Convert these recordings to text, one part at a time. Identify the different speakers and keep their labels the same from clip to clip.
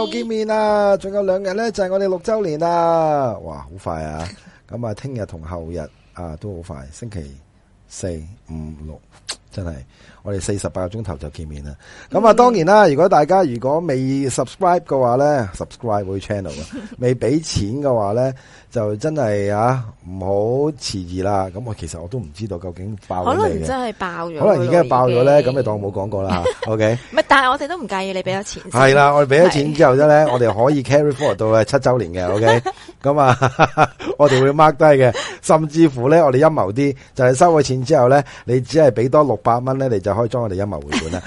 Speaker 1: 又見面啦，仲有兩日呢，就係我哋六周年啦，哇，好快啊！咁啊，聽日同後日啊都好快，星期四、五、六。真係，我哋四十八個鐘頭就見面啦。咁啊，當然啦，如果大家如果未 subscribe 嘅話咧，subscribe 我 channel 啊，未俾錢嘅話咧，就真係啊，唔好遲疑啦。咁我其實我都唔知道究竟爆，可能
Speaker 2: 真係爆咗，可能而家爆咗咧，咁
Speaker 1: 經你當我冇講過啦吓。OK，
Speaker 2: 係， 但係我哋都唔介意你俾咗錢。係啦，
Speaker 1: 我哋俾咗錢之後咧， 我哋可以 carry forward 到七周年嘅。OK，咁啊，我哋會 mark 低嘅，甚至乎咧，我哋陰謀啲，就係、是、收咗錢之後咧，你只係俾多六。八蚊咧，你就可以裝我哋一物回本啦，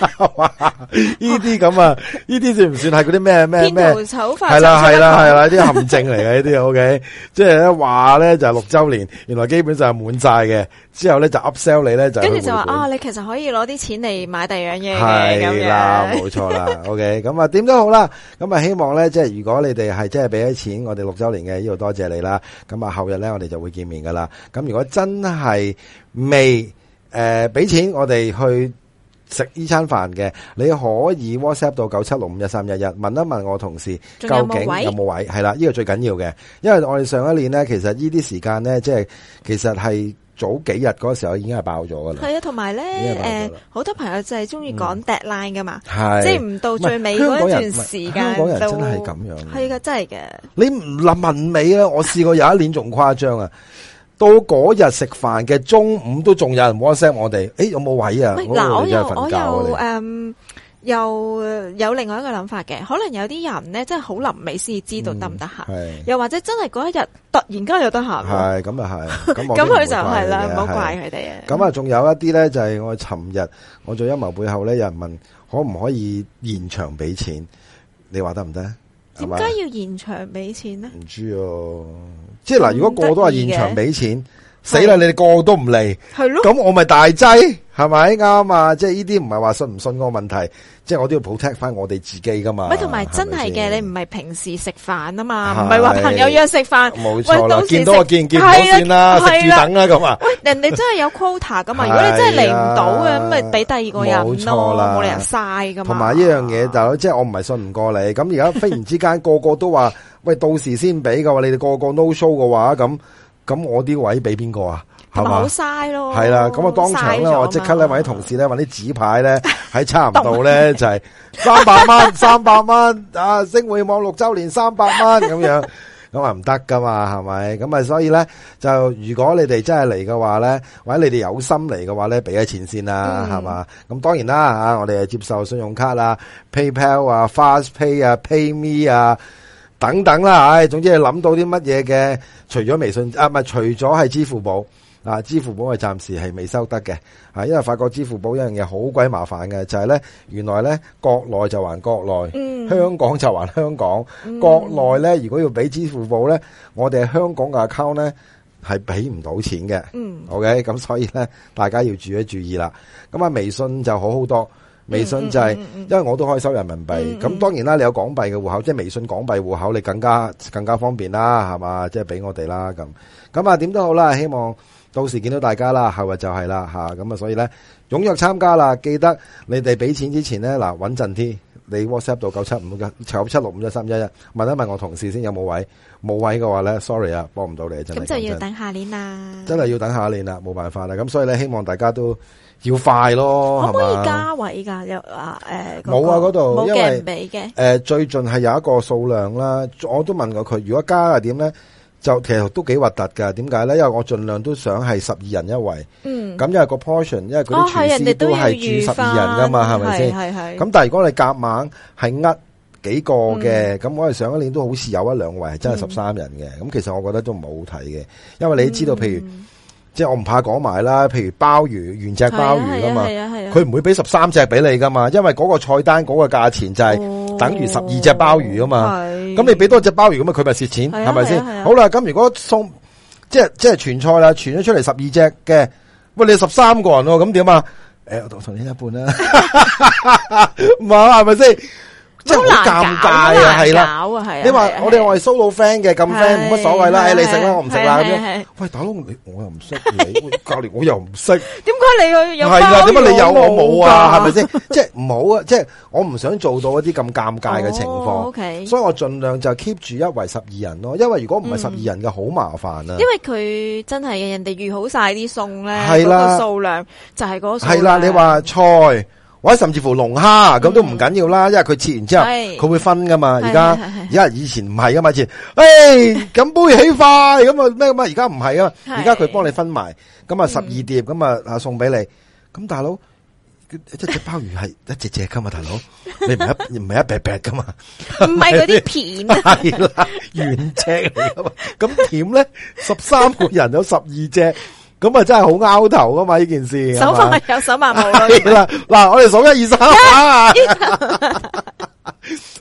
Speaker 1: 係嘛？呢啲咁啊，呢啲算唔算係嗰啲咩咩咩？係啦，係啦，係啦，啲陷阱嚟嘅呢啲，OK。即係咧話咧就係六周年，原來基本上係滿晒嘅，之後咧就 upsell 你咧，就跟住就話
Speaker 2: 啊，你其實可以攞啲錢嚟買第二樣嘢嘅，係啦，冇
Speaker 1: 錯啦，OK。咁啊點都好啦，咁啊希望咧，即係如果你哋係真係俾咗錢，我哋六周年嘅呢度多謝你啦。咁啊後日咧我哋就會見面噶啦。咁如果真係未。誒，俾、呃、錢我哋去食呢餐飯嘅，你可以 WhatsApp 到九七六五一三一一，11，問一問我同事有沒有究竟有冇位置？係啦，呢、這個最緊要嘅，因為我哋上一年咧，其實這些時間呢啲時間咧，即係其實係早幾日嗰個時候已經係爆咗噶啦。係
Speaker 2: 啊，同埋咧，誒，好、呃、多朋友就係中意講 deadline 噶嘛，嗯、是即係唔到最尾嗰段時間，香港人真係咁樣就，係噶，真係嘅。
Speaker 1: 你唔立文尾啦，我試過有一年仲誇張啊！到嗰日食飯嘅中午都仲有人 WhatsApp 我哋，誒、欸、有冇位啊？喂我也又我又誒
Speaker 2: 又有另外一個諗法嘅，可能有啲人咧真係好臨尾先知道得唔得閒，嗯、又或者真係嗰一日突然間有得閒，
Speaker 1: 係咁就係、是，咁佢 就係啦，唔好怪佢哋。咁啊，仲有一啲咧就係我尋日我做陰謀背後咧，有人問可唔可以現場俾錢？你話得唔得？點解
Speaker 2: 要現場俾錢咧？
Speaker 1: 唔吧知哦、啊。即係嗱，如果個個都係現場俾錢。死啦！你哋個個都唔嚟，咁我咪大劑，係咪啱啊？即係呢啲唔係話信唔信個問題，即係我都要 protect 翻我哋自己噶嘛。咁同埋
Speaker 2: 真係嘅，你唔係平時食飯啊嘛，唔係話朋友約食飯。冇錯啦，見多見見多見啦，啊，食住等啊咁啊。喂，人哋真係有 quota 噶嘛？如果你真係嚟唔到嘅，咁咪俾第二個人冇理由晒噶嘛。同
Speaker 1: 埋呢樣嘢就即係我唔係信唔過你。咁而家忽然之間個個都話，喂，到時先俾嘅話，你哋個個 no show 嘅話咁。咁我啲位俾邊個啊？係咪好嘥咯吧。係啦，咁啊當場咧，我即刻咧，揾啲同事咧，揾啲紙牌咧喺、啊、差唔多咧，就係三百蚊，三百蚊，啊，星匯網六周年三百蚊咁樣，咁啊唔得噶嘛，係咪？咁啊所以咧，就如果你哋真係嚟嘅話咧，或者你哋有心嚟嘅話咧，俾咗錢先啦，係嘛？咁、嗯、當然啦，我哋係接受信用卡啦、PayPal 啊、FastPay 啊、PayMe 啊。等等啦，唉，總之你諗到啲乜嘢嘅，除咗微信啊，唔係除咗係支付寶，啊，支付寶係暫時係未收得嘅，啊，因為發覺支付寶一樣嘢好鬼麻煩嘅，就係咧，原來咧國內就還國內，嗯、香港就還香港，國內咧如果要俾支付寶咧，我哋香港嘅 account 咧係俾唔到錢嘅，嗯，OK，咁所以咧大家要注意注意啦，咁啊微信就好好多。微信就係，因為我都可以收人民幣。咁、嗯嗯嗯、當然啦，你有港幣嘅戶口，即係微信港幣戶口，你更加更加方便啦，係嘛？即係俾我哋啦。咁咁啊，點都好啦，希望到時見到大家啦。後日就係啦，嚇咁啊，所以咧，踴躍參加啦。記得你哋俾錢之前咧，嗱穩陣啲。你 WhatsApp 到九七五九七六五一三一一，問一問我同事先有冇位。冇位嘅話咧，sorry 啊，幫唔到你真。咁就要等
Speaker 2: 下年
Speaker 1: 啦。真係要等下年啦，冇辦法啦。咁所以咧，希望大家都。要快咯，可唔可以加
Speaker 2: 位噶？有啊，誒，冇啊，嗰度冇鏡俾嘅。誒，
Speaker 1: 最近係有一個數量啦，我都問過佢，如果加係點咧，就其實都幾核突噶。點解咧？因為我盡量都想係十二人一位。嗯。咁因為個 portion，因為嗰啲廚師都係住十二人噶嘛，係咪先？係係。咁但係如果你夾硬係呃幾個嘅，咁我哋上一年都好似有一兩位係真係十三人嘅。咁其實我覺得都唔好睇嘅，因為你知道，譬如。即係我唔怕講埋啦，譬如鮑魚，原隻鮑魚㗎嘛，佢唔、啊啊啊啊、會俾十三隻俾你噶嘛，因為嗰個菜單嗰個價錢就係等於十二隻鮑魚㗎嘛，咁你俾多隻鮑魚咁啊，佢咪、啊、蝕錢係咪先？好啦，咁如果送即係即係傳菜啦，傳咗出嚟，十二隻嘅，喂，你十三個人喎、哦，咁點啊？誒、哎，我同你一半啦、啊，唔 係、 啊，係咪先？真係好尷尬啊，係啦，你話我哋我係 solo friend 嘅，咁 friend 冇乜所謂啦，你食啦，我唔食啦咁樣。喂，大佬你我又唔識你隔籬，我又唔識。
Speaker 2: 點解你去有鮑？係啊，點解你有我冇啊？係咪先？
Speaker 1: 即係唔好啊！即係我唔想做到一啲咁尷尬嘅情況。O K，所以我盡量就 keep 住一圍十二人咯，因為如果唔係十二人嘅，好麻煩啊。因為
Speaker 2: 佢真係人哋預好晒啲餸咧，係啦，數量就係係啦，
Speaker 1: 你話菜。或者甚至乎龍蝦咁都唔緊要啦，因為佢切完之後佢是會分噶嘛。而家而家以前唔係噶嘛，以前誒，咁、欸、杯起快咁啊咩咁啊，而家唔係啊，而家佢幫你分埋咁啊十二碟咁啊啊送俾你。咁大佬，一隻鮑魚係一隻隻噶嘛，大佬，你唔一唔係一隻隻噶嘛？唔係嗰啲片，係 啦，原隻嚟㗎嘛。咁點咧？十三個人有十二隻。咁啊，真係好拗頭㗎嘛！呢件事，手快有，手慢冇啦。嗱，我哋數一二三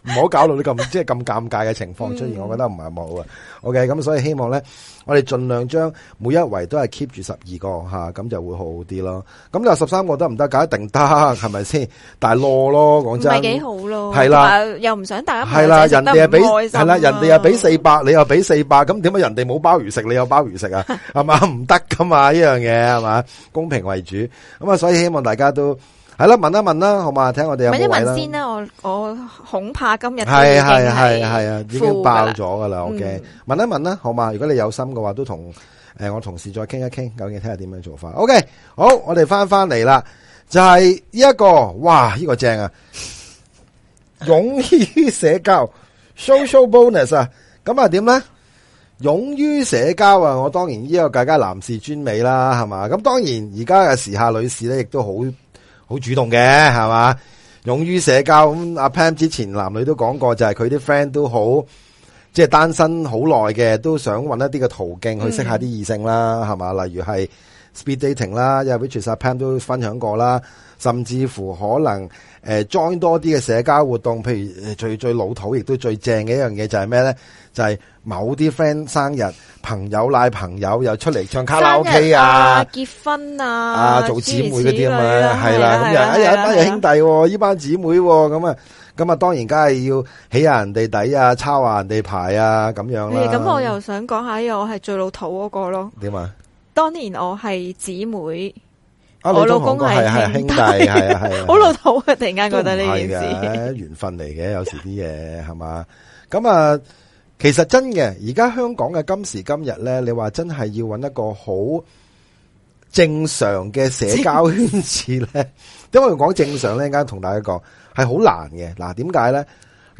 Speaker 1: 唔好搞到你咁即係咁尷尬嘅情況出現，嗯、我覺得唔係冇啊。OK，咁所以希望咧，我哋盡量將每一圍都係 keep 住十二個吓，咁、啊、就會好啲咯。咁就十三個得唔得？搞一定得，係咪先？大囉咯，講真唔係
Speaker 2: 幾好咯。係啦，又唔想
Speaker 1: 大家係啦，人哋係俾係啦，人哋又俾四百，你又俾四百，咁點解人哋冇鮑魚食，你有鮑魚食啊？係 嘛，唔得噶嘛，呢樣嘢係嘛，公平為主。咁啊，所以希望大家都。係咯，問一問啦，好嘛？聽我哋問一問先啦，
Speaker 2: 我我恐怕今日係係係
Speaker 1: 係啊，已經爆咗噶啦。O K，問一問啦，好嘛？如果你有心嘅話，都同誒我同事再傾一傾，究竟睇下點樣做法。O K，好，我哋翻翻嚟啦，就係呢一個，哇，呢個正啊！勇於社交，social bonus 啊，咁啊點咧？勇於社交啊，我當然呢個大家男士專美啦，係嘛？咁當然而家嘅時下女士咧，亦都好好主動嘅係嘛，勇於社交咁。阿 Pan 之前男女都講過，就係佢啲 friend 都好，即係單身好耐嘅，都想搵一啲嘅途徑去識下啲異性啦，係嘛、嗯？例如係 speed dating 啦，又係 which 阿 Pan 都分享過啦。甚至乎可能誒 join 多啲嘅社交活動，譬如最最老土亦都最正嘅一樣嘢就係咩咧？就係某啲 friend 生日，朋友拉朋友又出嚟唱卡拉 OK 啊！
Speaker 2: 結婚啊！啊，做姊妹嗰啲啊嘛，係啦，咁又呀一班
Speaker 1: 兄弟，依班姊妹咁啊，咁啊，當然梗係要起下人哋底啊，抄下人哋牌啊，咁樣。咁我又
Speaker 2: 想講下因為我係最老土嗰個咯。點啊？當年我係姊妹。
Speaker 1: 我老公係係兄弟，係啊係啊，好 老
Speaker 2: 土啊！突然間覺得呢件事，
Speaker 1: 緣分嚟嘅，有時啲嘢係嘛。咁啊，其實真嘅，而家香港嘅今時今日咧，你話真係要搵一個好正常嘅社交圈子咧，點解要講正常咧？ 陣間同大家講係好難嘅。嗱，點解咧？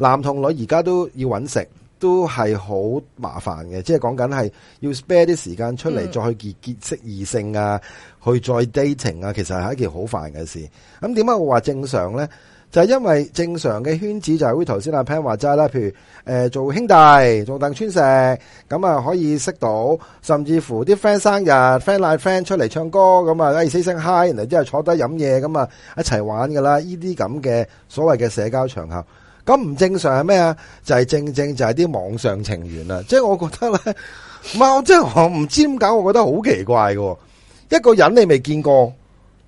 Speaker 1: 男同女而家都要搵食。都係好麻煩嘅，即係講緊係要 spare 啲時間出嚟再去結結識異性啊，嗯、去再 dating 啊，其實係一件好煩嘅事。咁點解我話正常咧？就係、是、因為正常嘅圈子就係好似頭先阿 pan 話齋啦，譬如誒、呃、做兄弟，做鄧川石，咁啊可以識到，甚至乎啲 friend 生日，friend friend 出嚟唱歌，咁啊一 say 聲 hi，然之後坐低飲嘢，咁啊一齊玩噶啦，呢啲咁嘅所謂嘅社交場合。咁唔正常係咩啊？就係、是、正正就係啲網上情緣啦，即、就、係、是、我覺得咧，唔係我真係我唔知點解我覺得好奇怪喎。一個人你未見過，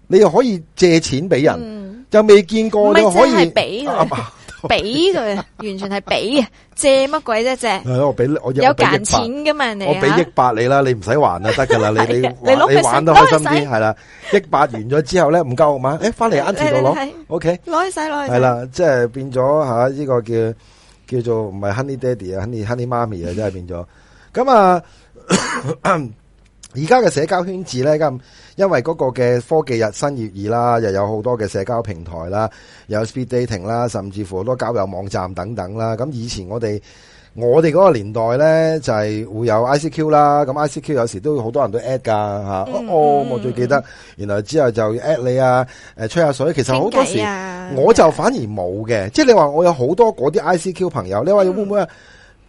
Speaker 1: 你又可以借錢俾人，嗯、就未見過，又可以俾
Speaker 2: 俾佢完全係俾啊，借乜鬼啫借？
Speaker 1: 係咯，我俾我有有揀錢嘅嘛，你我俾億百你啦，你唔使還啊，得嘅啦，你你你玩得開心啲，係啦，億百完咗之後咧，唔夠嘛？誒，翻嚟 aunty 度攞，OK，
Speaker 2: 攞去使攞。係啦，
Speaker 1: 即係變咗嚇呢個叫叫做唔係 Honey Daddy 啊，Honey Honey 媽咪啊，真係變咗。咁啊～而家嘅社交圈子咧咁，因為嗰個嘅科技日新月異啦，又有好多嘅社交平台啦，有 speed dating 啦，甚至乎好多交友網站等等啦。咁以前我哋，我哋嗰個年代咧就係會有 ICQ 啦。咁 ICQ 有時都好多人都 at 噶吓。Mm hmm. 哦,哦，我最記得，原來之後就 at 你啊，誒吹下水。其實好多時，我就反而冇嘅。即係你話我有好多嗰啲 ICQ 朋友，你話會唔會？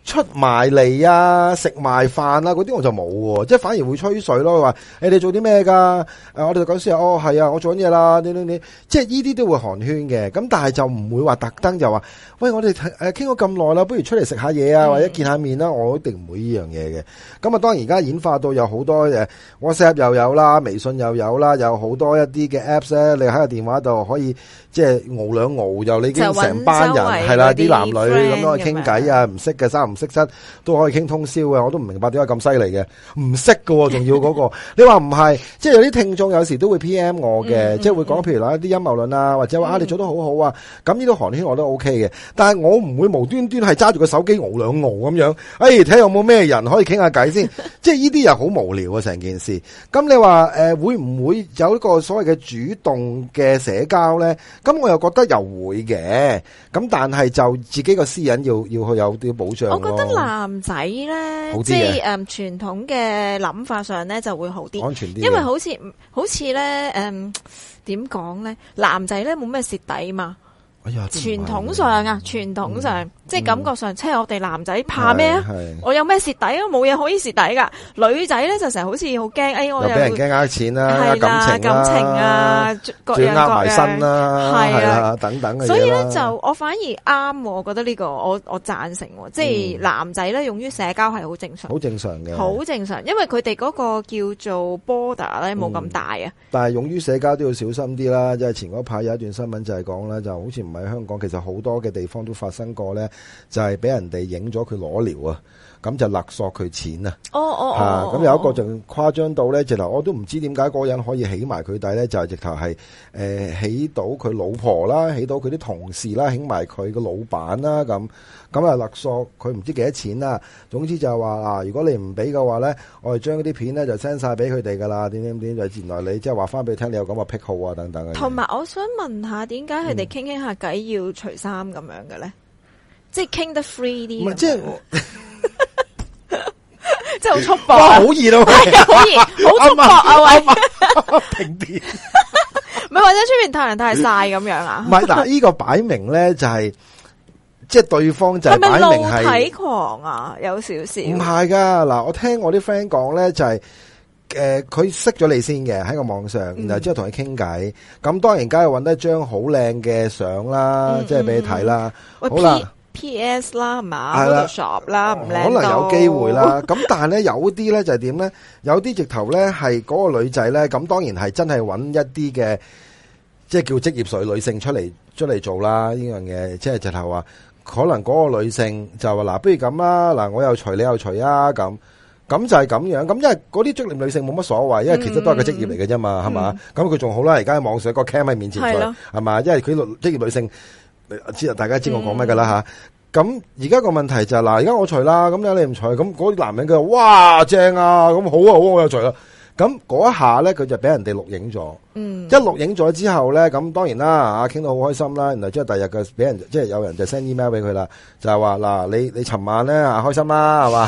Speaker 1: 出埋嚟啊，食埋飯啊嗰啲我就冇喎、啊，即係反而會吹水咯。佢話、欸：，你做啲咩㗎？我哋就公司哦係啊，我，哦、啊我做緊嘢啦。你你你，即係呢啲都會寒暄嘅。咁但係就唔會話特登就話，喂我哋誒傾咗咁耐啦，不如出嚟食下嘢啊，嗯、或者見下面啦。我一定唔會呢樣嘢嘅。咁啊當然而家演化到有好多誒、啊、WhatsApp 又有啦，微信又有啦，有好多一啲嘅 Apps 咧，你喺個電話度可以即係熬兩熬又，你已經成班人係啦，啲男女咁樣去傾偈啊，唔識嘅三。唔識得都可以傾通宵嘅，我都唔明白點解咁犀利嘅，唔識嘅仲要嗰個。你話唔係，即係有啲聽眾有時都會 P.M 我嘅，即係會講譬如話一啲陰謀論啊，或者話啊你做得好好啊，咁呢個寒暄我都 O.K. 嘅，但係我唔會無端端係揸住個手機熬兩熬咁樣。哎，睇下有冇咩人可以傾下偈先，即係呢啲又好無聊啊成件事。咁你話誒會唔會有一個所謂嘅主動嘅社交咧？咁我又覺得又會嘅，咁但係就自己個私隱要要去有啲保障。我覺得男
Speaker 2: 仔咧，嗯、即係誒傳統嘅諗法上咧就會好啲，安全啲，因為好似好似咧，誒點講咧，男仔咧冇咩蝕底嘛。傳統上啊，傳統上即係感覺上，即係我哋男仔怕咩啊？我有咩蝕底啊？冇嘢可以蝕底噶。女仔咧就成日好似好驚，哎，我又俾人驚
Speaker 1: 呃錢啦，係啊，感情啊，
Speaker 2: 轉呃埋身啦，係啦，等等嘅。所以咧就我反而啱，我覺得呢個我我贊成，即係男仔咧勇於社交係好正常，好
Speaker 1: 正常嘅，好
Speaker 2: 正常，因為佢哋嗰個叫做 border 咧冇咁大啊。
Speaker 1: 但係勇於社交都要小心啲啦。即係前嗰排有一段新聞就係講啦就好似。唔係香港，其實好多嘅地方都發生過呢，就係俾人哋影咗佢裸聊啊！咁就勒索佢錢啊！哦哦哦！咁有一個仲誇張到咧，直頭我都唔知點解嗰個人可以起埋佢底咧，就係直頭係誒起到佢老婆啦，起到佢啲同事啦，起埋佢個老闆啦咁，咁啊勒索佢唔知幾多錢啊！總之就係話啊，如果你唔俾嘅話咧，我哋將啲片咧就 send 晒俾佢哋噶啦，點點點，原來你即係話翻俾佢聽，你有咁嘅癖好啊等等同
Speaker 2: 埋、嗯、我想問下聊聊，點解佢哋傾傾下偈要除衫咁樣嘅咧？即係傾得 free 啲咁。就是 即係好速播，好熱咯，好熱，好速啊！阿偉，
Speaker 1: 停電，
Speaker 2: 唔係或者出面太陽太曬咁樣啊？唔係嗱，呢
Speaker 1: 個擺明咧就係，即係對方就擺明係，係咪露
Speaker 2: 體狂啊，有少少，唔係
Speaker 1: 噶嗱，我聽我啲 friend 講咧就係，誒，佢識咗你先嘅喺個網上，然後之後同你傾偈，咁當然梗係揾得一張好靚嘅相啦，即係俾你睇啦，好啦。
Speaker 2: P.S. 啦，係嘛？shop 啦，可能有機會啦。
Speaker 1: 咁但係咧，有啲咧就係點咧？有啲直頭咧係嗰個女仔咧。咁當然係真係揾一啲嘅，即係叫職業水女性出嚟出嚟做啦。呢樣嘢即係直頭話，可能嗰個女性就話嗱，不如咁啦，嗱我又除你又除啊，咁咁就係咁樣。咁因為嗰啲職業女性冇乜所謂，因為其實都係一個職業嚟嘅啫嘛，係嘛。咁佢仲好啦，而家喺網上個 cam 喺面前，係嘛？因為佢職業女性。知啊，大家知我講咩噶啦吓，咁而家個問題就係、是、嗱，而家我除啦，咁樣你唔除，咁嗰啲男人佢話哇正啊，咁好啊好啊，我有除啦，咁嗰一下咧佢就俾人哋錄影咗。嗯，一錄影咗之後咧，咁當然啦，啊傾到好開心啦，然後之後第日嘅俾人即係有人就 send email 俾佢啦，就係話嗱你你尋晚咧啊開心啦係嘛，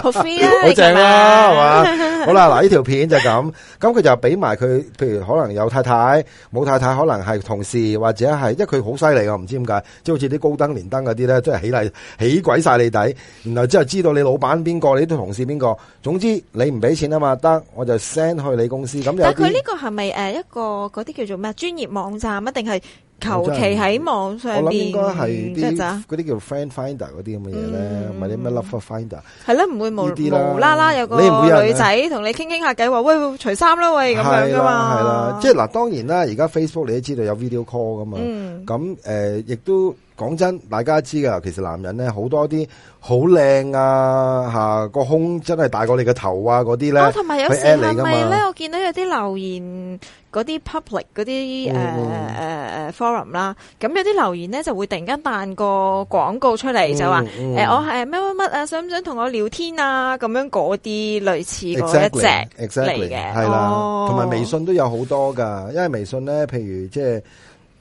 Speaker 1: 好正啦，係嘛，好啦嗱呢條片就咁，咁、嗯、佢 就俾埋佢，譬如可能有太太冇太太，可能係同事或者係，因為佢、就是、好犀利噶，唔知點解，即係好似啲高登連登嗰啲咧，即係起嚟起鬼晒你底，然後之後知道你老闆邊個，你啲同事邊個，總之你唔俾錢啊嘛，得我就 send 去你公司，咁有啲。
Speaker 2: 呢個係咪誒一個嗰啲叫做咩專業網站啊？定係求其喺網上邊
Speaker 1: 嗰啲叫 friend finder 嗰啲咁嘅嘢咧，唔係啲咩 lover finder
Speaker 2: 係啦，唔會無無啦啦有個女仔同你傾傾下偈，話、嗯、喂除衫咯喂咁樣噶嘛係啦，
Speaker 1: 即係嗱，當然啦，而家 Facebook 你都知道有 video call 噶嘛，咁誒亦都。講真，大家知噶，其實男人咧好多啲好靚啊，吓個胸真係大過你個頭啊，嗰啲咧。同埋有時，咪係咧，我
Speaker 2: 見到有啲留言嗰啲 public 嗰啲誒 forum 啦，咁有啲留言咧就會突然間扮個廣告出嚟，就話誒我係乜乜乜啊，想唔想同我聊天啊？咁樣嗰啲類似嗰一隻嚟嘅，係啦。同埋微
Speaker 1: 信都有好多噶，因為微信咧，譬如即係。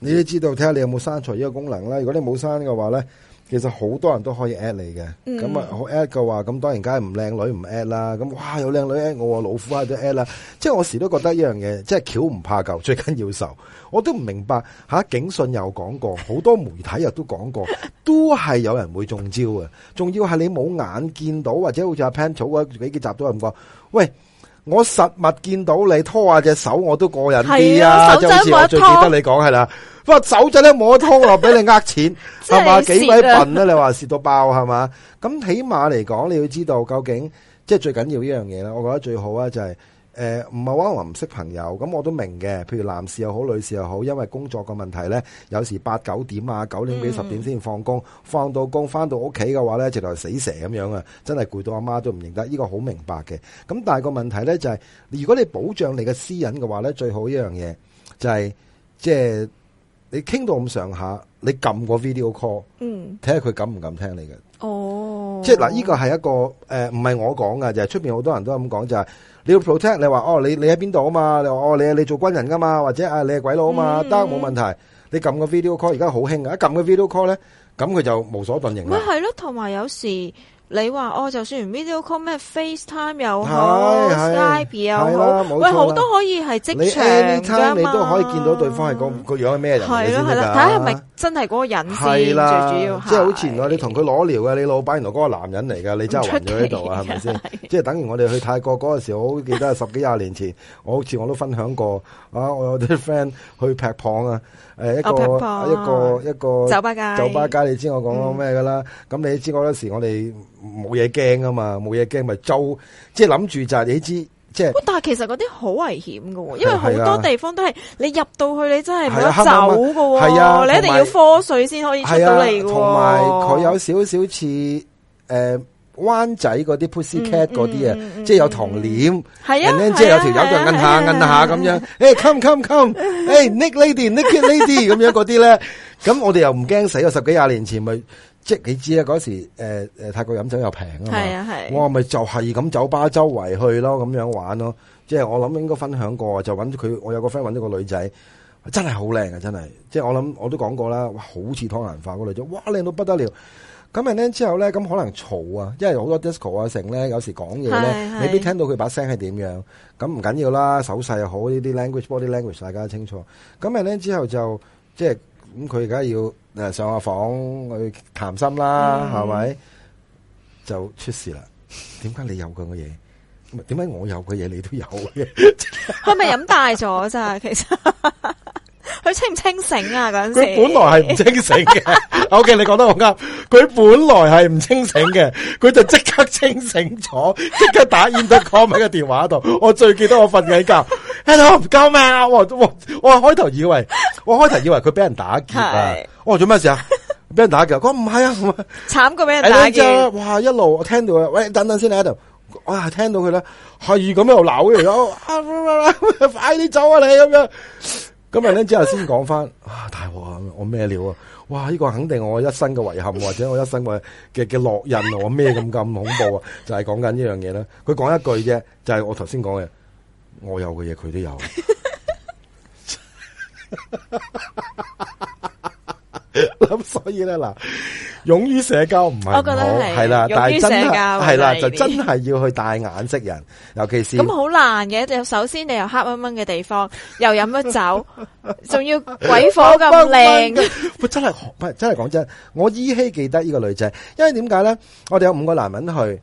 Speaker 1: 你都知道，睇下你有冇刪除呢個功能啦。如果你冇刪嘅話咧，其實好多人都可以 at 你嘅。咁啊、嗯，好 at 嘅話，咁當然梗係唔靚女唔 at 啦。咁哇，有靚女 at 我，老虎啊都 at 啦。即係我時都覺得一樣嘢，即係橋唔怕舊，最緊要受。我都唔明白吓、啊，警訊又講過，好多媒體又都講過，都係有人會中招嘅。仲要係你冇眼見到，或者好似阿 Pan 草嗰幾幾集都係咁講，喂。我實物見到你拖下隻手，我都過癮啲啊！即、啊、好似我最記得你講係啦，喂、啊，手仔咧摸拖落俾你呃錢，係嘛幾米笨啊！你話蝕到爆係嘛？咁 起碼嚟講，你要知道究竟，即係最緊要呢樣嘢啦。我覺得最好啊、就是，就係。誒，唔係話我唔識朋友，咁我都明嘅。譬如男士又好，女士又好，因為工作嘅問題咧，有時八九點啊，九點幾、十點先放工，嗯、放到工翻到屋企嘅話咧，直頭死蛇咁樣啊，真係攰到阿媽都唔認得。呢個好明白嘅。咁但係個問題咧就係、是，如果你保障你嘅私隱嘅話咧，最好一樣嘢就係、是，即係你傾到咁上下，你撳個 video call，嗯，睇下佢敢唔敢聽你嘅。哦，即係嗱，呢、呃這個係一個誒，唔、呃、係我講㗎，就係出邊好多人都有咁講，就係、是。你要 protect 你話哦，你你喺邊度啊嘛？你話哦，你你做軍人噶嘛？或者啊，你係鬼佬啊嘛？得，冇問題。你撳個 video call，而家好興啊！一撳個 video call 咧，咁佢就無所遁形啦。咪
Speaker 2: 係咯，同埋有時。你話哦，就算 video call 咩 FaceTime 又
Speaker 1: 好，Skype 又好，喂好多
Speaker 2: 可以係即場你你都可以
Speaker 1: 見到對方係、個個樣係咩人、啊，你先知噶。睇係咪
Speaker 2: 真係嗰個人先？的最主要，即係好
Speaker 1: 似原來你同佢攞聊嘅你老闆，原來嗰個男人嚟噶，你真係暈咗喺度啊？係咪先？即係等於我哋去泰國嗰陣時候，我好記得十幾廿年前， 我好似我都分享過啊，我有啲 friend 去劈磅啊。係一個婆婆一個一個酒吧街，酒吧街你知我講咩噶啦？咁、嗯、你知我嗰時我哋冇嘢驚啊嘛，冇嘢驚咪租，即係諗住就你、是、知、即、就、係、是就是。就
Speaker 2: 是、但係其實嗰啲好危險噶，因為好多地方都係、啊、你入到去你真係冇得走噶，係啊，黑黑黑你一定要科水先可以出到嚟。同埋佢有
Speaker 1: 少少似誒。呃灣仔嗰啲 Pussy Cat 嗰啲啊，即係有糖簾，人咧即係有條友就摁下摁下咁樣，誒 come come come，誒 Nick Lady Nick Lady 咁樣嗰啲咧，咁我哋又唔驚死，我十幾廿年前咪即係你知啊，嗰時誒誒泰國飲酒又平啊嘛，我咪就係咁酒吧周圍去咯，咁樣玩咯，即係我諗應該分享過，就搵佢，我有個 friend 搵咗個女仔，真係好靚啊，真係，即係我諗我都講過啦，哇好似湯蘭花個女仔，哇靚到不得了。咁咧之後咧，咁可能嘈啊，因為好多 disco 啊，成咧有時講嘢咧，未必聽到佢把聲係點樣。咁唔緊要啦，手勢又好，呢啲 language，body language，大家都清楚。咁咧之後就即係咁，佢而家要誒上下房去談心啦，係咪？就出事啦？點解你有咁嘅嘢？點解我有嘅嘢你都有
Speaker 2: 嘅？佢咪飲大咗咋？其實佢清唔清醒啊？嗰陣時本來
Speaker 1: 係唔清醒嘅。O.K. 你講得好啱，佢本來係唔清醒嘅，佢就即刻清醒咗，即刻打 interview 嘅電話。e 喺電話度。我最記得我瞓緊覺，Hello 唔夠咩？我我我開頭以為我開頭以為佢俾人打劫啊！我做咩事啊？俾人打劫，佢唔係啊！
Speaker 2: 慘過俾人打劫。
Speaker 1: 哇！一路我聽到，喂，等等先喺度，我聽到佢啦，係咁又鬧佢，又快啲走啊你咁樣。咁日咧之後先講翻啊，大鑊啊！我咩料啊？哇！呢個肯定我一生嘅遺憾，或者我一生嘅嘅嘅烙印，我咩咁咁恐怖啊？ 就係講緊呢樣嘢啦。佢講一句啫，就係我頭先講嘅，我有嘅嘢佢都有。 咁 所以咧嗱，勇於社交唔係我覺得係，係啦的，勇於社交，係啦，就真係要去帶眼識人，尤其是咁
Speaker 2: 好難嘅。又首先你又黑蚊蚊嘅地方，又飲乜酒，仲 要鬼火咁靚，
Speaker 1: 我真係係真係講真，我依稀記得呢個女仔，因為點解咧？我哋有五個男人去。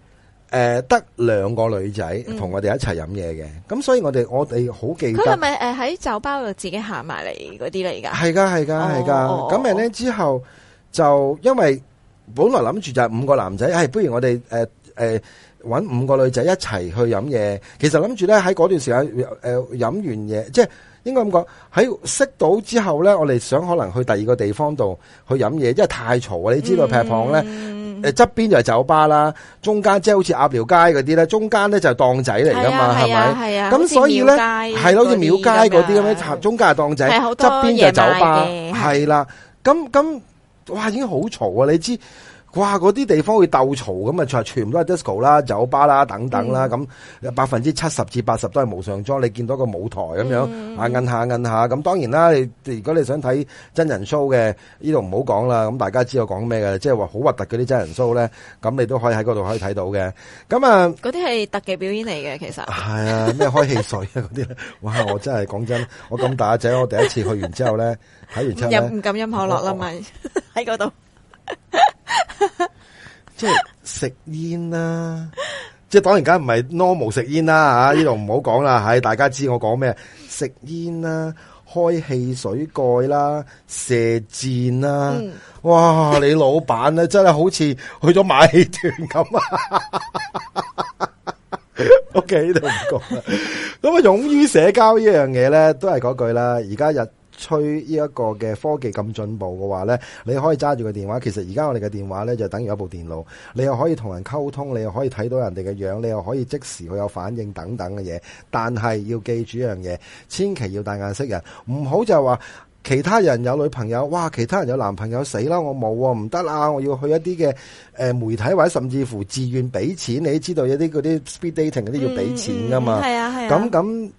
Speaker 1: 誒，得兩個女仔同我哋一齊飲嘢嘅，咁、嗯、所以我哋我哋好記得佢係咪
Speaker 2: 誒喺酒吧度自己行埋嚟嗰啲嚟噶？係噶
Speaker 1: 係噶係噶，咁然後咧之後就因為本來諗住就係五個男仔，哎，不如我哋誒誒搵五個女仔一齊去飲嘢。其實諗住咧喺嗰段時間，誒飲完嘢，即係應該咁講，喺識到之後咧，我哋想可能去第二個地方度去飲嘢，因為太嘈啊，你知道劈房咧。嗯誒，側邊就係酒吧啦，中間即係好似鴨寮街嗰啲咧，中間咧就係檔仔嚟噶嘛，係咪？係啊，咁所以咧，係咯，好似廟街嗰啲咁樣中間係檔仔，側邊就係酒吧，係啦。咁、就、咁，哇，已經好嘈啊！你知。哇！嗰啲地方會鬥嘈咁啊，全部都係 disco 啦、酒吧啦等等啦，咁百分之七十至八十都係無上裝。你見到個舞台咁樣，啊摁下摁下咁。當然啦，如果你如果你想睇真人 show 嘅呢度唔好講啦，咁大家知道講咩嘅，即係話好核突嗰啲真人 show 咧，咁你都可以喺嗰度可以睇到嘅。咁啊，
Speaker 2: 嗰啲係特技表演嚟嘅，其實係、
Speaker 1: 哎、啊，咩開汽水啊嗰啲，哇！我真係講真的，我咁大仔，我第一次去完之後咧，睇完之後咧，唔敢飲可樂啦咪
Speaker 2: 喺嗰度。說那
Speaker 1: 即係食煙啦、啊，即係當然梗係唔係 normal 食煙啦吓，呢度唔好講啦，係大家知我講咩？食煙啦、啊，開汽水蓋啦，射箭啦、啊，嗯、哇！你老闆咧真係好似去咗馬戲團咁啊！OK，呢度唔講啦。咁啊，勇於社交呢樣嘢咧，都係嗰句啦。而家日。吹呢一個嘅科技咁進步嘅話呢，你可以揸住個電話，其實而家我哋嘅電話呢，就等於一部電腦，你又可以同人溝通，你又可以睇到人哋嘅樣，你又可以即時去有反應等等嘅嘢。但係要記住一樣嘢，千祈要戴眼識人，唔好就話其他人有女朋友，哇！其他人有男朋友死啦，我冇喎，唔得啦，我要去一啲嘅誒媒體或者甚至乎自願俾錢，你知道有啲嗰啲 speed dating 嗰啲要俾錢噶嘛？啊、嗯嗯、啊，咁咁、啊。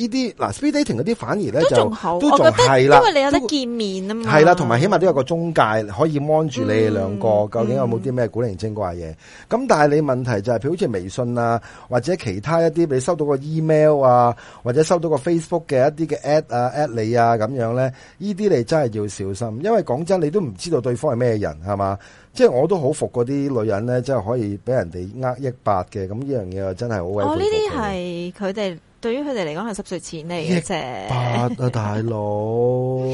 Speaker 1: 呢啲嗱 speed dating 嗰啲反而咧就都仲好，係啦還，的因為
Speaker 2: 你有得見面啊嘛，係啦，
Speaker 1: 同埋起碼都有個中介可以 mon 住你哋兩個、嗯、究竟有冇啲咩古靈精怪嘢。咁但係你問題就係、是，譬如好似微信啊，或者其他一啲你收到個 email 啊，或者收到個 Facebook 嘅一啲嘅 add 啊 add 你啊咁樣咧，呢啲你真係要小心，因為講真你都唔知道對方係咩人係嘛？即係我都好服嗰啲女人咧，即、就、係、是、可以俾人哋呃一百嘅，咁呢樣嘢真係好危險。哦，呢
Speaker 2: 啲係佢哋。對於佢哋嚟講係濕碎錢嚟
Speaker 1: 嘅啫，億八啊 大佬，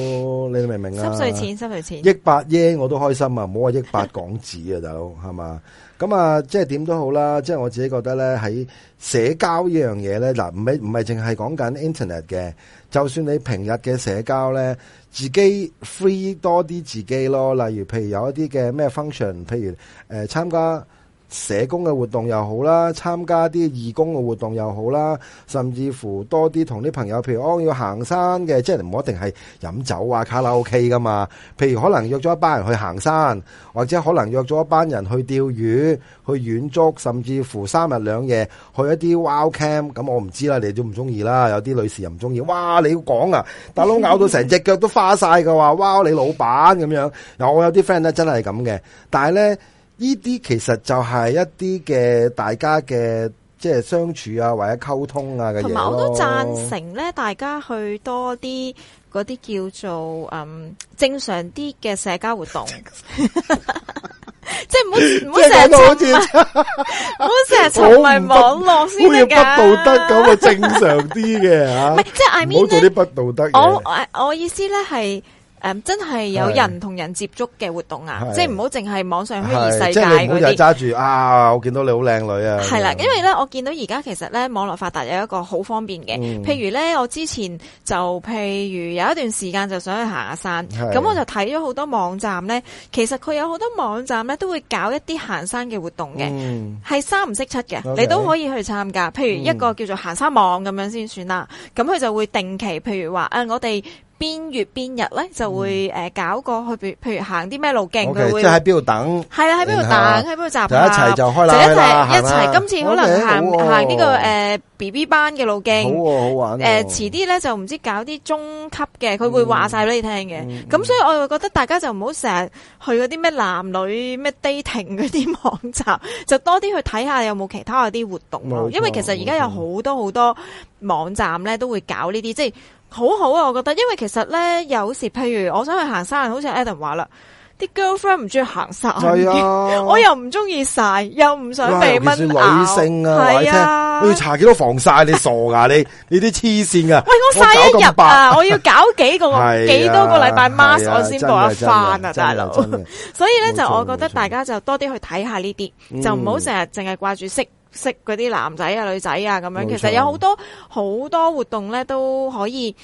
Speaker 1: 你明唔明啊？濕碎錢，濕碎錢，億八耶我都開心啊！唔好話億八港紙啊， 大佬係嘛？咁啊，即係點都好啦，即係我自己覺得咧，喺社交呢樣嘢咧，嗱唔係唔係淨係講緊 internet 嘅，就算你平日嘅社交咧，自己 free 多啲自己咯，例如譬如有一啲嘅咩 function，譬如誒參、呃、加。社工嘅活動又好啦，參加啲義工嘅活動又好啦，甚至乎多啲同啲朋友，譬如、哦、我要行山嘅，即係唔一定係飲酒啊、卡拉 OK 噶嘛。譬如可能約咗一班人去行山，或者可能約咗一班人去釣魚、去遠足，甚至乎三日兩夜去一啲 wild camp、嗯。咁我唔知啦，你中唔中意啦。有啲女士又唔中意。哇！你要講啊，大佬咬到成隻腳都花晒嘅話，哇！你老闆咁樣。嗱，我有啲 friend 咧，真係咁嘅，但係咧。呢啲其實就係一啲嘅大家嘅即係相處啊或者溝通啊嘅嘢咯。同埋我都贊成
Speaker 2: 咧，大家去多啲嗰啲叫做嗯正常啲嘅社交活動。
Speaker 1: 即係唔好唔好成日沉迷網
Speaker 2: 絡先嘅、啊。 唔係 I mean, 唔要不道德咁啊，正常
Speaker 1: 啲嘅吓。唔好做啲不道德。我
Speaker 2: 我意思咧係。是真係有人同人接觸嘅活動啊！是即係唔好淨係網上虛擬世界嗰啲即係唔好揸
Speaker 1: 住啊！我見到你好靚女啊！係啦的，
Speaker 2: 因為咧，我見到而家其實咧，網絡發達有一個好方便嘅。嗯、譬如咧，我之前就譬如有一段時間就想去行下山，咁是我就睇咗好多網站咧。其實佢有好多網站咧，都會搞一啲行山嘅活動嘅，係三唔識七嘅，okay, 你都可以去參加。譬如一個叫做行山網咁樣先算啦。咁佢就會定期，譬如話、啊、我哋。邊月邊日咧就會誒搞個去譬譬如行啲咩路徑，佢會即係喺
Speaker 1: 邊度等係啦，喺邊度等，喺邊度集合，就一齊就開啦啦，一齊今次可能行行呢個誒
Speaker 2: B B 班嘅路徑，誒遲啲咧就唔知搞啲中級嘅，佢會話晒俾你聽嘅。咁所以我又覺得大家就唔好成日去嗰啲咩男女咩 dating 嗰啲網站，就多啲去睇下有冇其他嗰啲活動囉，因為其實而家有好多好多網站咧都會搞呢啲即係。好好啊，我覺得，因為其實咧，有時譬如我想去行山，好似 Adam 話啦，啲 girlfriend 唔中意行山。係啊，我又唔中意晒，又唔想被蚊女性啊，係啊，我
Speaker 1: 要搽幾多防曬？你傻噶？你你啲黐線噶？喂，我晒一日啊，我要
Speaker 2: 搞幾個幾多個禮拜 mask，我先過一翻啊，大佬。所以咧，就我覺得大家就多啲去睇下呢啲，就唔好成日淨係掛住識。識嗰啲男仔啊、女仔啊咁樣，冇錯，其實有好多好多活動呢都可以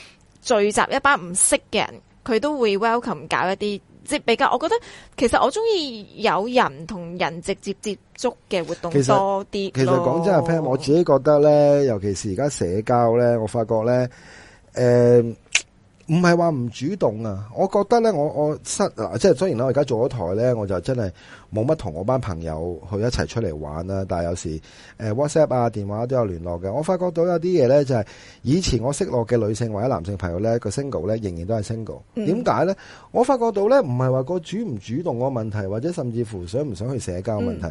Speaker 2: 聚集一班唔識嘅人，佢都會 welcome 搞一啲，即係比較。我覺得其實我中意有人同人直接接觸嘅活動多啲。其實講真啊，Pam，我
Speaker 1: 自己覺得呢，尤其是而家社交呢，我發覺呢。誒、嗯。唔係話唔主動啊，我覺得咧，我我失，即係雖然我而家做咗台咧，我就真係冇乜同我班朋友去一齊出嚟玩啦。但係有時誒 WhatsApp 啊、電話啊都有聯絡嘅。我發覺到有啲嘢咧，就係以前我識落嘅女性或者男性朋友咧，個 single 咧仍然都係 single。點解咧？我發覺到咧，唔係話個主唔主動個問題，或者甚至乎想唔想去社交問題，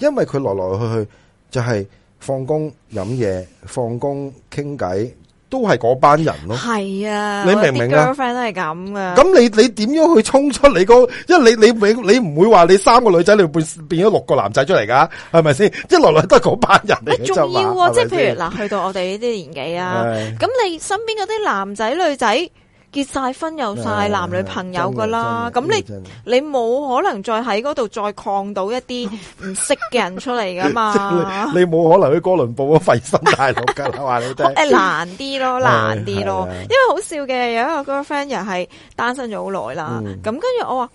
Speaker 1: 因為佢來來去去就係放工飲嘢，放工傾偈。都係嗰班人咯，係啊，
Speaker 2: 啊你明唔明？girlfriend 都係咁噶。咁
Speaker 1: 你你點樣去衝出你個？因為你你你你唔會話你三個女仔你會變變咗六個男仔出嚟噶，係咪先？一來一來都係嗰班人。你仲要、啊，即係譬如嗱，
Speaker 2: 去到我哋呢啲年紀啊，咁是、啊、你身邊嗰啲男仔女仔。結晒婚又晒男女朋友噶啦，咁你你冇可能再喺嗰度再擴到一啲唔識嘅人出嚟噶嘛？ 你
Speaker 1: 冇可能去哥倫布啊？費心大佬噶啦，華誒， 難
Speaker 2: 啲咯，難啲咯。的因為好笑嘅，有一個 girlfriend 又係單身咗好耐啦。咁跟住我話，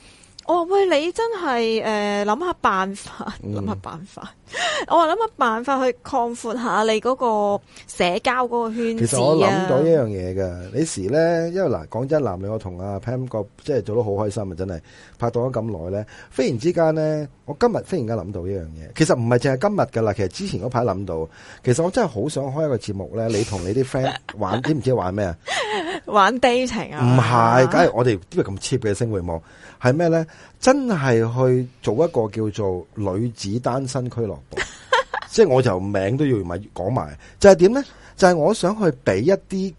Speaker 2: 我話喂，你真係誒諗下辦法，諗下、嗯、辦法。我話諗個辦法去擴闊下你嗰個社交嗰個圈子啊，其實我諗到一樣
Speaker 1: 嘢，嘅，你時咧，因為嗱，講真，男女我同阿 Pam 哥即係做得好開心啊！真係拍檔咗咁耐咧，忽然之間咧，我今日忽然間諗到一樣嘢，其實唔係淨係今日噶啦，其實之前嗰排諗到，其實我真係好想開一個節目咧，你同你啲 friend 玩。 知唔知玩咩啊？
Speaker 2: 玩 dating 啊？唔
Speaker 1: 係，梗係我哋因為咁 cheap 嘅星會網係咩咧？真係去做一個叫做女子單身俱樂部， 即係我就名都要係講埋，就係、是、點呢？就係、是、我想去俾一啲誒、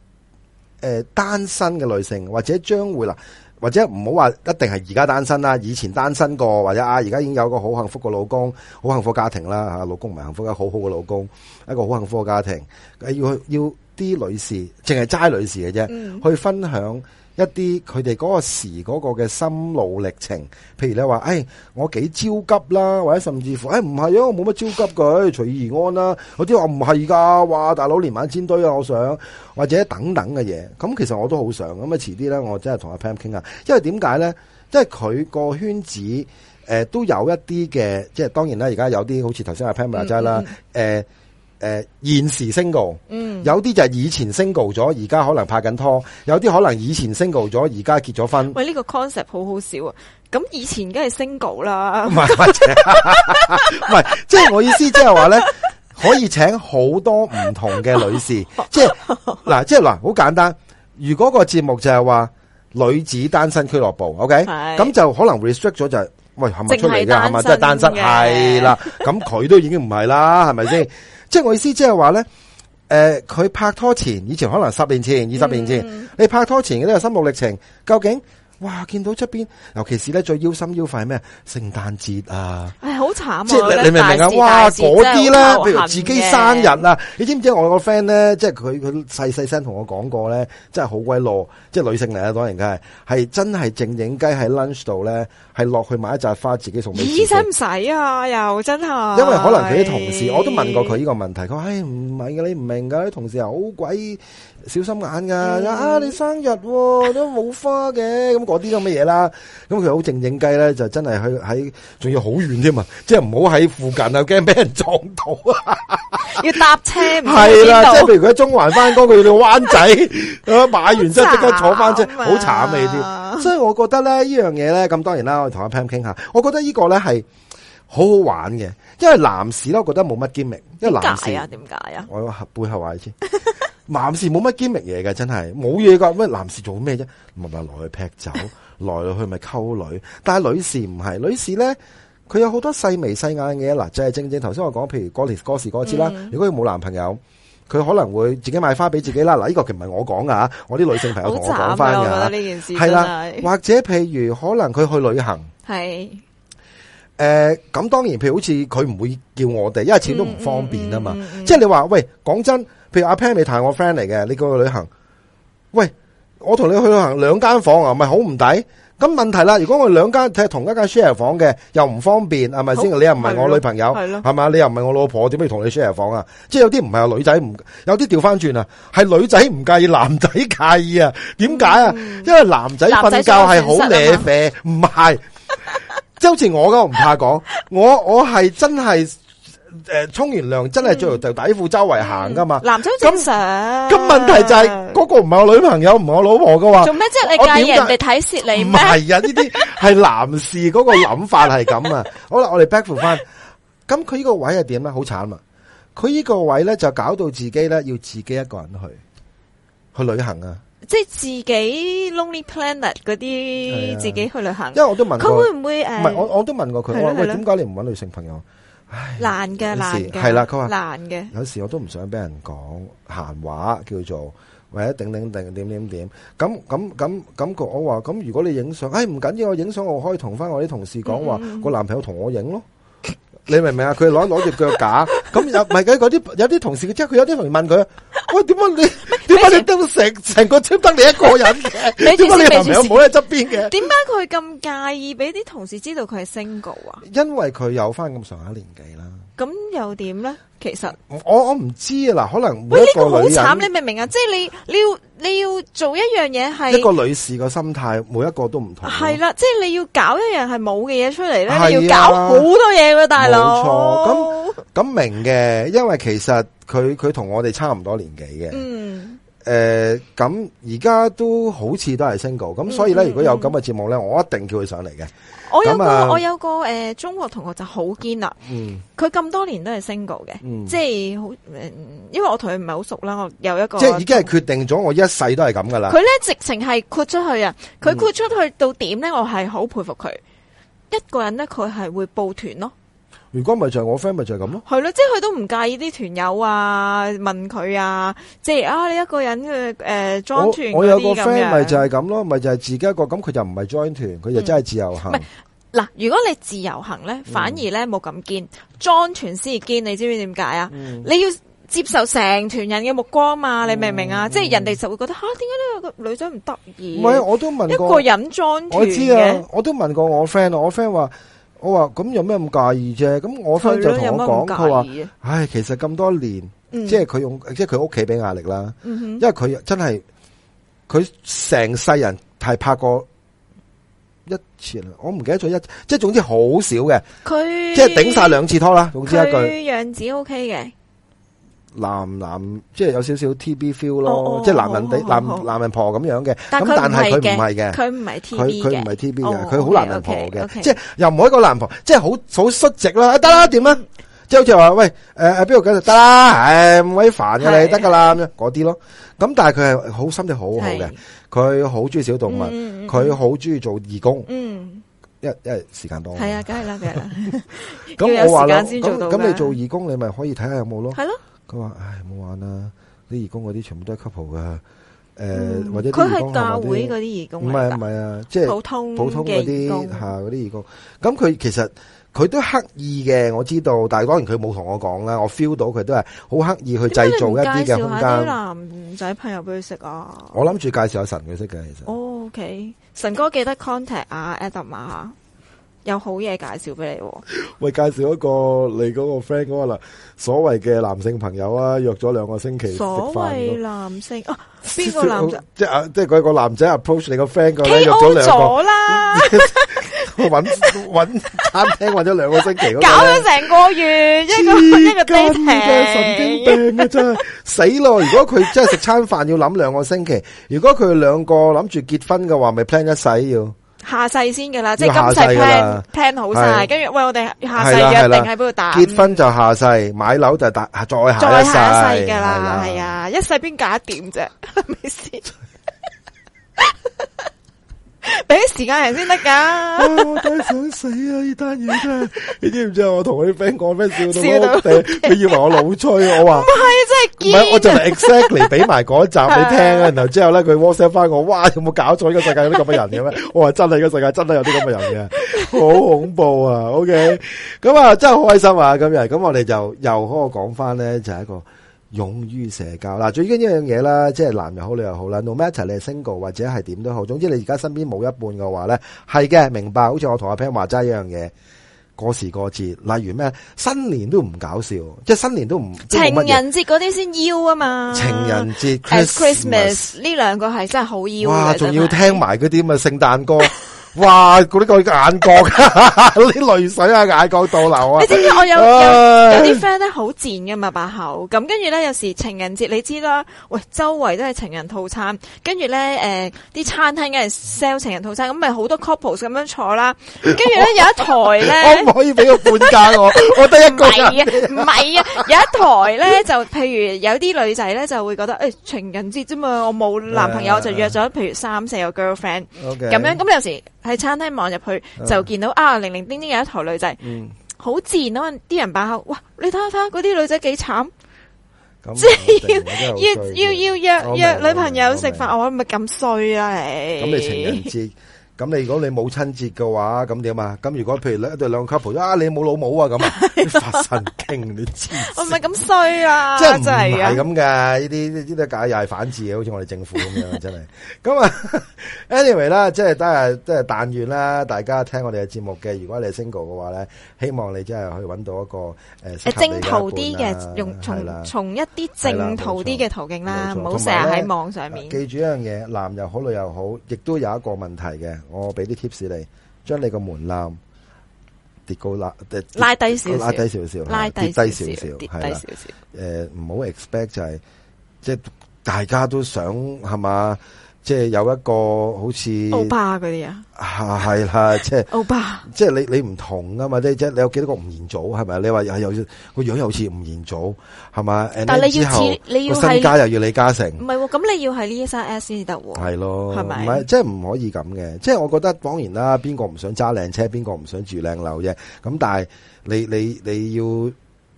Speaker 1: 呃、單身嘅女性，或者將會啦，或者唔好話一定係而家單身啦，以前單身過，或者啊而家已經有個好幸福嘅老公，好幸福家庭啦吓、啊，老公唔係幸福嘅，好好嘅老公，一個好幸福嘅家庭，要去要啲女士，淨係齋女士嘅啫，去分享。一啲佢哋嗰個時嗰個嘅心路歷程，譬如你話，誒、哎、我幾焦急啦，或者甚至乎，誒唔係啊，我冇乜焦急佢隨遇而安啦、啊。有啲我唔係㗎，話大佬連萬千堆啊，我想或者等等嘅嘢。咁其實我都好想咁啊，遲啲咧，我真係同阿 Pam 傾下，因為點解咧？即係佢個圈子誒、呃、都有一啲嘅，即係當然啦，而家有啲好似頭先阿 Pam 話齋啦，嗯嗯呃誒，現時 single，嗯，有啲就係以前 single 咗，而家可能拍緊拖，有啲可能以前 single 咗，而家結咗婚。喂，
Speaker 2: 呢個 concept 好好笑啊！咁以前梗係 single 啦，唔係
Speaker 1: 唔係，即係我意思，即係話咧，可以請好多唔同嘅女士，即係嗱，即係嗱，好簡單。如果個節目就係話女子單身俱樂部，OK，咁就可能 restrict 咗就係喂，係咪出嚟嘅係咪？即係單身，係啦，咁佢都已經唔係啦，係咪先？即係我意思，即係話咧，誒，佢拍拖前，以前可能十年前、二十年前，嗯、你拍拖前嘅呢個心路歷程，究竟？哇！見到出邊，尤其是咧最腰心腰肺咩？聖誕節啊，
Speaker 2: 唉、哎，好慘！啊！你，啊你明唔明啊？哇，嗰啲咧，呢譬如自己生日
Speaker 1: 啊，你知唔知我個 friend 咧，即係佢佢細細聲同我講過咧，真係好鬼囉，即係女性嚟啊，當然梗係，係真係靜影雞喺 lunch 度咧，係落去買一扎花自己送俾。咦？
Speaker 2: 使唔使啊？又真係。因為可能佢啲同事，哎、我都問過佢
Speaker 1: 呢個問題，佢話：唔係嘅，你唔明㗎，啲同事又好鬼。小心眼噶啊！你生日都冇花嘅，咁嗰啲咁嘅嘢啦。咁佢好靜靜雞咧，就真係去喺，仲要好遠添嘛，即係唔好喺附近啊，驚俾人撞到
Speaker 2: 啊！要搭車係啦，即係譬如
Speaker 1: 佢喺中環翻工，佢要灣仔，買完之後即刻坐翻車，好慘你啲，所以我覺得咧呢樣嘢咧，咁當然啦，我同阿 Pam 傾下，我覺得呢個咧係好好玩嘅，因為男士咧，我覺得冇乜見明，因為男士啊，
Speaker 2: 點解啊？
Speaker 1: 我背後話你先。男士冇乜機密嘢嘅，真係冇嘢噶。咩男士做咩啫？咪咪來去劈酒，來去咪溝女。但係女士唔係，女士咧佢有好多細眉細眼嘅嗱，就係正正頭先我講，譬如過年過時過節啦，嗯、如果佢冇男朋友，佢可能會自己買花俾自己啦。嗱，呢個其實唔係我講噶吓，我啲女性朋友同我講翻噶。呢件事係啦，或者譬如可能佢去旅行，係誒咁當然，譬如好似佢唔會叫我哋，因為錢都唔方便啊嘛。即係你話喂，講真。譬如阿 Pan 你係我 friend 嚟嘅，你過去旅行，喂，我同你去旅行兩間房間啊，咪好唔抵？咁問題啦，如果我哋兩間睇同一間 share 房嘅，又唔方便，係咪先？好你又唔係我女朋友，係咪你又唔係我老婆，我點可以同你 share 房啊？即係有啲唔係女仔唔，有啲調翻轉啊，係女仔唔介意，男仔介意啊？點解啊？嗯、因為男仔瞓覺係好舐肥，唔係，即係好似我咁，我唔怕講，我我係真係。誒，沖完涼真係着條底褲周圍行噶嘛？男
Speaker 2: 仔正常？
Speaker 1: 咁問題就係嗰個唔係我女朋友，唔係我老婆㗎話，做
Speaker 2: 咩啫？你介意人哋睇蝕你？唔
Speaker 1: 係啊，呢啲係男士嗰個諗法係咁啊。好啦，我哋 back up 翻。咁佢呢個位係點咧？好慘啊！佢呢個位咧就搞到自己咧要自己一個人去去旅行啊！
Speaker 2: 即係自己 lonely planet 嗰啲自己去旅行。因為我都問佢會唔會誒？唔係我我
Speaker 1: 都問過佢，喂，點解你唔揾女性朋友？
Speaker 2: 唉難嘅難嘅係啦，佢話難嘅。
Speaker 1: 有時我都唔想俾人講閒話，叫做為咗頂頂頂點點點。咁咁咁感覺我話咁，如果你影相，哎唔緊要，我影相，我可以同返我啲同事講話，嗯、個男朋友同我影咯。你明唔明啊？佢攞攞住腳架，咁又唔係嘅嗰啲有啲同事，即係佢有啲朋友問佢：喂，點解你點解你得咗成成個 team 得你一個人？點解你朋友冇喺側邊嘅？點
Speaker 2: 解佢咁介意俾啲同事知道佢係 single 啊？
Speaker 1: 因為佢有翻咁上下年紀啦。
Speaker 2: 咁又點咧？其實
Speaker 1: 我我唔知啊，嗱，可能每一個人。喂，呢個好慘，你
Speaker 2: 明唔明啊？即係你你要你要做一樣嘢，係一個女
Speaker 1: 士個心態，每一個都唔同。係
Speaker 2: 啦，即係你要搞一樣係冇嘅嘢出嚟咧，了你要搞好多嘢噶，大佬。冇錯，
Speaker 1: 咁咁明嘅，因為其實佢佢同我哋差唔多年紀嘅。嗯。誒，咁而家都好似都係 single，咁所以咧，如果有咁嘅節目咧，我一定叫佢上嚟嘅。我有個那我有
Speaker 2: 個誒、呃，中學同學就好堅啦，嗯，佢咁多年都係 single 嘅，即係好因為我同佢唔係好熟啦，我有一個即係已經
Speaker 1: 係決定咗，我一世都係咁噶啦。佢
Speaker 2: 咧直情係豁出去啊！佢豁出去到點咧，我係好佩服佢。一個人咧，佢係會報團咯。
Speaker 1: 如果唔係就我 friend 咪就係咁咯，
Speaker 2: 係咯，即係佢都唔介意啲團友啊問佢啊，即係啊你一個人去誒、呃裝團，我，我有個 friend 咪就係
Speaker 1: 咁咯，咪就係自己一個，咁佢就唔係 join 團，佢就真係自由行，嗯。
Speaker 2: 係嗱，如果你自由行咧，反而咧冇咁堅，裝團團先至堅，你知唔知點解啊？嗯、你要接受成團人嘅目光嘛，你明唔明啊？嗯、即係人哋就會覺得吓，點解呢個女仔唔得意？唔係，我
Speaker 1: 都問過一個人
Speaker 2: join 團我知，
Speaker 1: 我都問過我 friend，我 friend 話。我話咁有咩咁介意啫？咁我 friend 就同我講，佢話：唉，其實咁多年，即係佢用，即係佢屋企俾壓力啦。因為佢真係佢成世人係拍過一次，我唔記得咗一次，即係總之好少嘅。
Speaker 2: 佢即係頂晒兩次拖啦，總之一句。佢樣子 OK 嘅。
Speaker 1: 男男即係有少少 T B feel 咯，即係男人哋、男男人婆咁樣嘅。咁但佢唔係嘅，佢唔係 T B 嘅，
Speaker 2: 佢唔
Speaker 1: 係 T B 嘅，佢好男人婆嘅，即係又唔係一個男人婆，即係好好率直啦。得啦，點啊？即係好似話喂誒，邊度緊住得啦？誒，唔鬼煩嘅你得噶啦，咁樣嗰啲咯。咁但係佢係好心地好好嘅，佢好中意小動物，佢好中意做義工。嗯，因為時間多。係啊，梗係啦，梗係啦。咁我話啦，咁你做義工，你咪可以睇下有冇咯。係咯。佢話：唉，冇玩啦！啲義工嗰啲全部都係 couple 噶，誒、呃嗯、或者佢係教會嗰啲義,、啊、義工，唔係唔係啊，即係普通普通嗰啲下嗰啲義工。咁佢其實佢都刻意嘅，我知道，但係當然佢冇同我講啦。我 feel 到佢都係好刻意去製造一啲嘅空間。
Speaker 2: 男仔朋友俾佢食啊！
Speaker 1: 我諗住介紹下神佢識嘅，其實。
Speaker 2: O、oh, K，、okay. 神哥記得 contact 阿、啊、Adam 啊。有好嘢介紹俾
Speaker 1: 你。哦，喂，介紹一個你嗰個 friend 嗰個男所謂嘅男性朋友啊，約咗兩個星期飯。所
Speaker 2: 謂男性，邊、啊、
Speaker 1: 個男仔？即係即係佢個男仔 approach 你呢 K. O. 個 friend 個咧，約咗兩個啦， 搵餐廳或者兩個星期個，搞咗
Speaker 2: 成個月，一、那個一個神經病啊
Speaker 1: 真係死咯！如果佢真係食餐飯要諗兩個星期，如果佢兩個諗住結婚嘅話，咪 plan 一世要。
Speaker 2: 下世先嘅啦，即係今世 plan plan 好晒，跟住喂我哋下世一定喺邊度打？結婚
Speaker 1: 就下世，買樓就打，再下一世嘅啦，係啊，
Speaker 2: 一世邊搞掂啫？咩 沒事
Speaker 1: 俾啲時間佢先得噶，我都想死啊！呢單嘢啊，你知唔知啊？我同佢啲 friend 講咩笑到我屋企，佢 以為我老吹，我話唔
Speaker 2: 係真係，唔係我就
Speaker 1: 係 exactly 俾埋嗰一集 你聽啊！然後之後咧佢 WhatsApp 翻我，哇！有冇搞錯？呢、這個世界有啲咁嘅人嘅咩？ 我話真係，呢、這個世界真係有啲咁嘅人嘅，好恐怖啊！OK，咁啊，真係開心啊！今日咁我哋就又可講翻咧，就係、是、一個。勇於社交啦，最緊要一樣嘢啦，即係男又好，女又好啦。No matter 你係 single 或者係點都好，總之你而家身邊冇一半嘅話咧，係嘅，明白。好似我同阿平話齋一樣嘢，過時過節，例如咩新年都唔搞笑，即係新年都唔情人
Speaker 2: 節嗰啲先要啊嘛。情人
Speaker 1: 節，As Christmas，Christmas
Speaker 2: 呢兩個係真係好要。哇，仲要聽埋
Speaker 1: 嗰啲咁嘅聖誕歌。 哇！嗰、那、啲個眼角，嗰啲淚水啊，眼角倒流啊！你知唔知我有唉 有有啲
Speaker 2: friend 咧好賤噶嘛把口，咁跟住咧有時情人節你知啦，喂周圍都係情人套餐，跟住咧誒啲餐廳梗係 sell 情人套餐，咁咪好多 couples 咁樣坐啦，跟住咧有一台咧，我唔可以俾個
Speaker 1: 半價我，我得一個，唔
Speaker 2: 係啊，有一台咧就譬如有啲女仔咧就會覺得誒、哎、情人節啫嘛，我冇男朋友是、啊、我就約咗譬如三四個 girlfriend 咁 Okay 樣，咁有時。喺餐廳望入去就見到、嗯、啊零零丁丁有一台女仔，好自然啊！啲人把口，哇！你睇下睇下嗰啲女仔幾慘，即
Speaker 1: 係 要要要要約約女朋
Speaker 2: 友食飯，我話咪咁衰啊！你咁你情人
Speaker 1: 節，咁你如果你母親節嘅話，咁點啊？咁如果譬如一對兩個 couple，啊你冇老母啊咁 你發神經，你知
Speaker 2: 我唔係咁衰啊！即係唔係咁
Speaker 1: 噶，呢啲呢啲假又係反智嘅，好似我哋政府咁樣，真係。咁啊 ，anyway 啦，即係都係，即係但願啦，大家聽我哋嘅節目嘅，如果你 single 嘅話咧，希望你真係可以揾到一個誒、啊、正途啲嘅，用從從
Speaker 2: 啦一啲正途啲嘅途徑啦，唔好成日喺網上面、啊。記
Speaker 1: 住一樣嘢，男又好，女又好，亦都有一個問題嘅。我俾啲 tips 你，將你個門檻。跌高啦，拉低少少，拉低少少吧拉低少少，跌低少少，跌低少少。誒了，唔好 expect 就係、是、即係大家都想係嘛？即係有一個好似歐巴嗰啲啊，係啦、啊，即係歐巴，即係你你唔同啊嘛，即係你有幾多個吳彥祖係咪？你話又又個樣又好似吳彥祖係咪？但係你，後你要似你要世界又要李嘉誠，
Speaker 2: 唔係咁你要係呢三 S 先至得，
Speaker 1: 係咯、啊，係咪吧？即係唔可以咁嘅，即係我覺得當然啦，邊個唔想揸靚車，邊個唔想住靚樓啫。咁但係你你你要。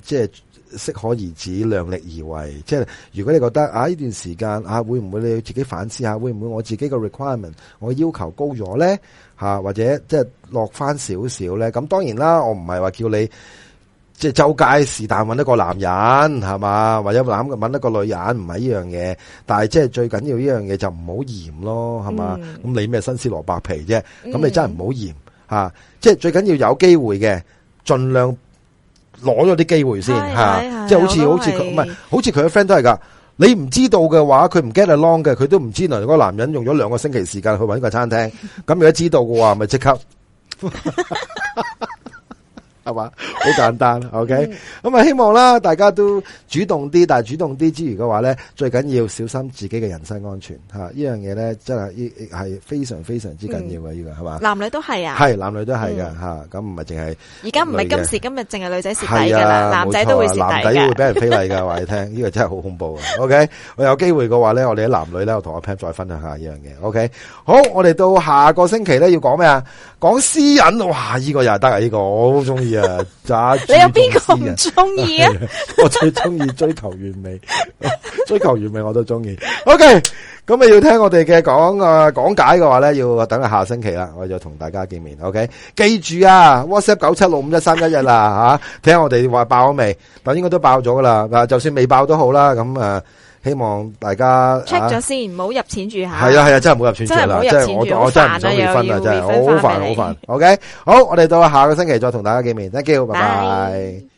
Speaker 1: 即係適可而止，量力而為。即係如果你覺得啊呢段時間啊，會唔會你要自己反思下，會唔會我自己個 requirement 我要求高咗咧吓，或者即係落翻少少咧？咁當然啦，我唔係話叫你即係周街是但揾一個男人係嘛，或者揾一個女人，唔係呢樣嘢。但係即係最緊要呢樣嘢就唔好嫌咯，係嘛？咁、嗯、你咩新鮮蘿蔔皮啫？咁你真係唔好嫌吓。啊嗯、即係最緊要有機會嘅，盡量。攞咗啲機會先吓，即係好似好似佢唔係好似佢嘅 friend 都係噶。你唔知道嘅話，佢唔 get along 嘅，佢都唔知嗰、那個男人用咗兩個星期時間去揾個餐廳。咁如果知道嘅話咪即刻。 係嘛，好簡單，OK，咁啊希望啦，大家都主動啲，但係主動啲之餘嘅話咧，最緊要小心自己嘅人身安全，吓、啊、呢樣嘢咧真係係非常非常之緊要嘅，呢個係嘛？男女
Speaker 2: 都係、嗯、啊，係
Speaker 1: 男女都係嘅吓，咁唔係淨係而家唔係今時
Speaker 2: 今日淨係女仔蝕底嘅啦，啊、男仔都會蝕底俾人
Speaker 1: 非禮嘅話，你聽呢個真係好恐怖啊，OK，我有機會嘅話咧，我哋啲男女咧，我同阿 Pam 再分享一下呢樣嘢，OK，好，我哋到下個星期咧要講咩啊？講私隱，哇，呢、這個又係得啊，呢、這個我好中意。啊！揸你有邊個唔中意啊？我最中意追求完美，追求完美我都中意。OK，咁啊要聽我哋嘅講啊講解嘅話咧，要等下個星期啦，我就同大家見面。OK，記住啊，WhatsApp 九七六五一三一一啦吓，睇下我哋話爆咗未？但應該都爆咗噶啦。嗱，就算未爆都好啦，咁啊。希望大家 check 咗
Speaker 2: 先，唔好，啊、入錢住下。係啊係啊，真係唔好入錢住啦，真係我，煩我真係唔想離婚啊，真係好煩好你煩，
Speaker 1: 煩。OK，好，我哋到下個星期再同大家見面 ，thank you，拜拜。